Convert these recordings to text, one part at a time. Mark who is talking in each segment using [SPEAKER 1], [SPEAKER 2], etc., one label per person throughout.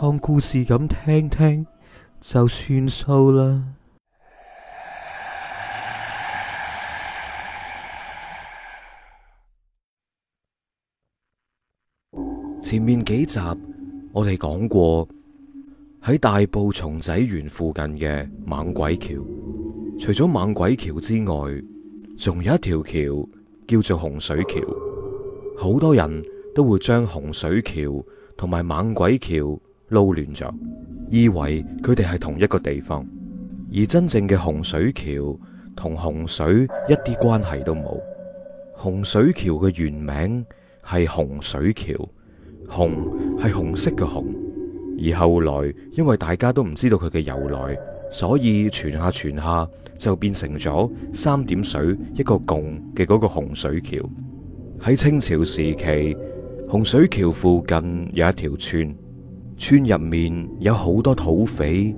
[SPEAKER 1] 當故事咁聽聽就算數啦。前面幾集我哋講過喺大埔松仔園附近嘅猛鬼橋，除咗猛鬼橋之外，仲有一條橋叫做洪水橋。好多人都會將洪水橋同埋猛鬼橋，撈亂咗，以為佢哋係同一個地方，而真正嘅洪水橋同洪水一啲關係都冇。洪水橋嘅原名係洪水橋，洪係紅色嘅紅，而後來因為大家都唔知道佢嘅由來，所以傳下傳下就變成咗「三點水一個共」嘅嗰個洪水橋。喺清朝時期，洪水橋附近有一條村。村入面有好多土匪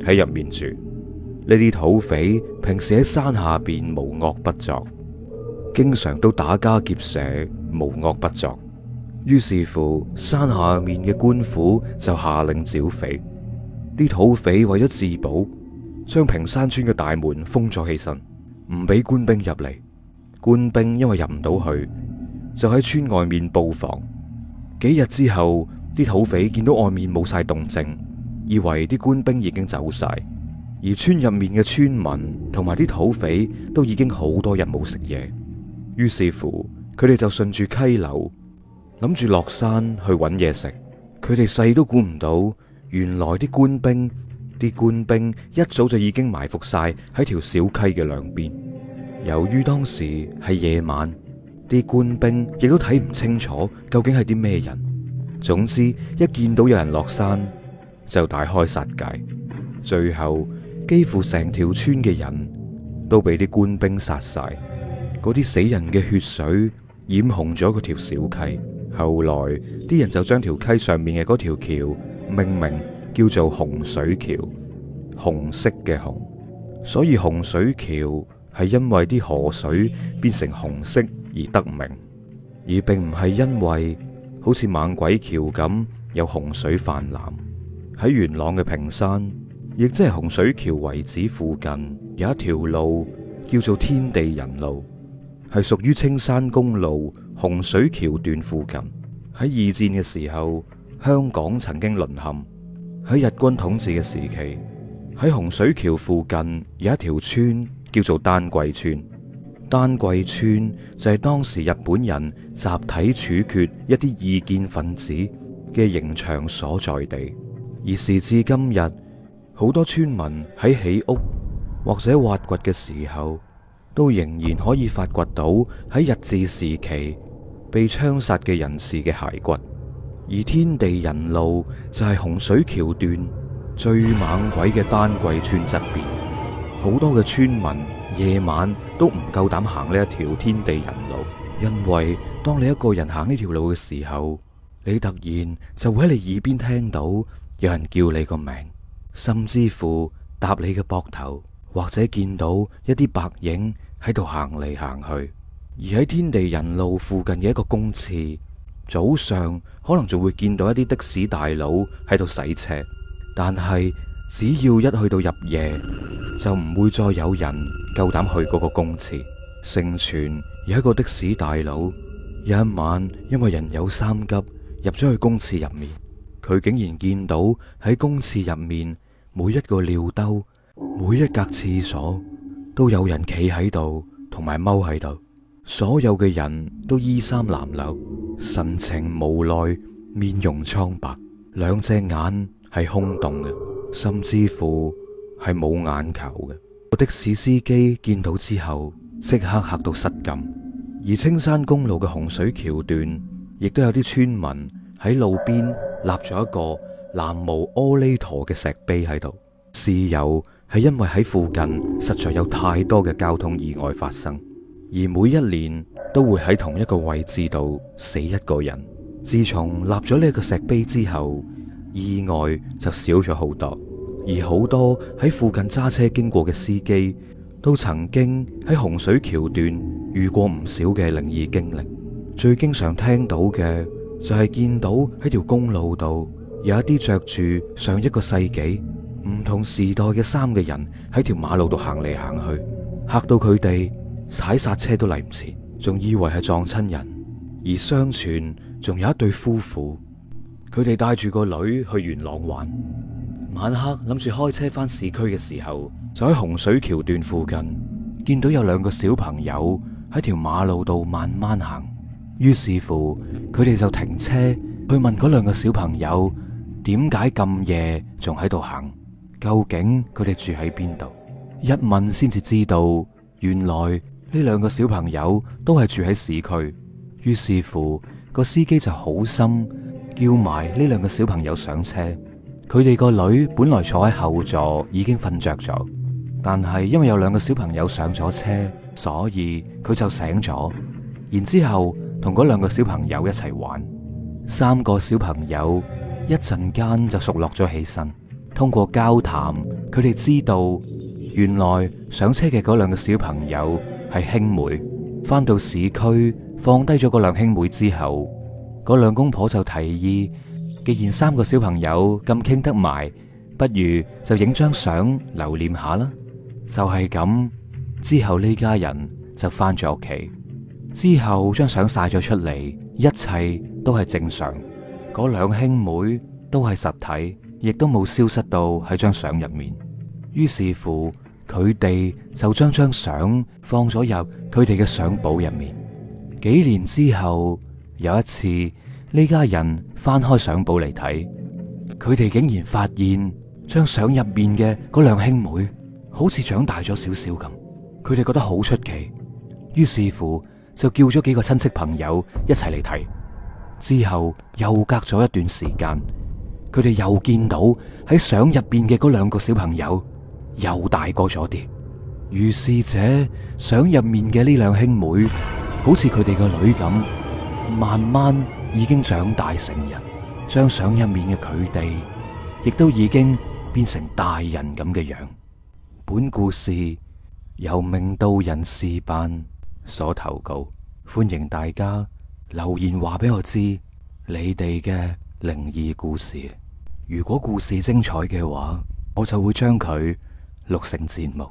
[SPEAKER 1] 喺入面住，呢啲土匪平時喺山下邊無惡不作，經常都打家劫舍，無惡不作。於是乎，山下面嘅官府就下令剿匪。啲土匪為咗自保，將平山村嘅大門封咗起身，唔俾官兵入嚟。官兵因為入唔到去，就喺村外面布防。幾日之後。啲土匪見到外面冇晒動靜，以為啲官兵已經走晒，而村入面嘅村民同埋啲土匪都已經好多日冇食嘢，於是乎佢哋就順住溪流諗住落山去揾嘢食。佢哋細都估唔到，原來啲官兵啲官兵一早就已經埋伏晒喺條小溪嘅兩邊。由於當時係夜晚，啲官兵亦都睇唔清楚究竟係啲咩人。總之，一見到有人落山，就大開殺戒。最後，幾乎成條村嘅人都俾啲官兵殺晒。嗰啲死人嘅血水染紅咗嗰條小溪。後來，啲人就將條溪上面嘅嗰條橋命名叫做洪水橋，紅色嘅紅。所以洪水橋係因為啲河水變成紅色而得名，而並唔係因為。好似猛鬼橋咁有洪水泛濫，喺元朗嘅屏山，亦即係洪水橋遺址附近，有一條路叫做天地人路，係屬於青山公路洪水橋段附近。喺二戰嘅時候，香港曾經淪陷，喺日軍統治嘅時期，喺洪水橋附近有一條村叫做丹桂村。丹桂村就係當時日本人集體處決一啲異見分子嘅刑場所在地，而時至今日，好多村民喺起屋或者挖掘嘅時候，都仍然可以發掘到喺日治時期被槍殺嘅人士嘅骸骨。而天地人路就係洪水橋段最猛鬼嘅丹桂村側邊，好多嘅村民。夜晚都唔夠膽行呢一條天地人路，因為當你一個人行呢條路嘅時候，你突然就會喺你耳邊聽到有人叫你個名，甚至乎搭你嘅膊頭，或者見到一啲白影喺度行嚟行去。而喺天地人路附近嘅一個公廁，早上可能仲會見到一啲的士大佬喺度洗車，但係，只要一去到入夜，就唔會再有人夠膽去嗰個公廁。盛傳有一個的士大佬，有一晚因為人有三急入咗去公廁入面，佢竟然見到喺公廁入面每一個尿兜、每一格廁所都有人企喺度同埋踎喺度，所有嘅人都衣衫襤褸，神情無奈，面容蒼白，兩隻眼係空洞嘅。甚至乎係冇眼球嘅。那個、的士司機見到之後，即刻嚇到失禁。而青山公路嘅洪水橋段，亦都有啲村民喺路邊立咗一個南無阿彌陀嘅石碑喺度。事由係因為喺附近實在有太多嘅交通意外發生，而每一年都會喺同一個位置度死一個人。自從立咗呢個石碑之後，意外就少咗好多，而好多喺附近揸車經過嘅司機，都曾經喺洪水橋段遇過唔少嘅靈異經歷。最經常聽到嘅就係見到喺條公路度有一啲着住上一個世紀唔同時代嘅衫嘅人喺條馬路度行嚟行去，嚇到佢哋踩剎車都嚟唔切，仲以為係撞親人。而相傳仲有一對夫婦。佢哋帶住個女去元朗玩，晚黑諗住開車翻市區嘅時候，就喺洪水橋段附近見到有兩個小朋友喺條馬路度慢慢行。於是乎，佢哋就停車去問嗰兩個小朋友點解咁夜仲喺度行，究竟佢哋住喺邊度？一問先至知道，原來呢兩個小朋友都係住喺市區。於是乎，個司機就好心。叫埋呢兩個小朋友上車，佢哋個女本來坐喺後座已經瞓着咗，但係因為有兩個小朋友上咗車，所以佢就醒咗，然之後同嗰兩個小朋友一齊玩。三個小朋友一陣間就熟落咗起身，通過交談，佢哋知道原來上車嘅嗰兩個小朋友係兄妹。翻到市區放低咗嗰兩兄妹之後。嗰兩公婆就提議，既然三個小朋友咁傾得埋，不如就影張相留念下啦。就係咁，之後呢家人就翻咗屋企，之後張相曬咗出嚟，一切都係正常。嗰兩兄妹都係實體，亦都冇消失到喺張相入面。於是乎，佢哋就將張相放咗入佢哋嘅相簿入面。幾年之後。有一次，呢家人翻開相簿嚟睇，佢哋竟然發現將相入面嘅嗰兩兄妹好似長大咗少少咁，佢哋覺得好出奇，於是乎就叫咗幾個親戚朋友一齊嚟睇。之後又隔咗一段時間，佢哋又見到喺相入面嘅嗰兩個小朋友又大個咗啲，如是者相入面嘅呢兩兄妹好似佢哋個女咁。慢慢已經長大成人，將相入面嘅佢哋，亦都已經變成大人咁嘅樣。本故事由命道人士班所投稿，歡迎大家留言話俾我知你哋嘅靈異故事。如果故事精彩嘅話，我就會將佢錄成節目。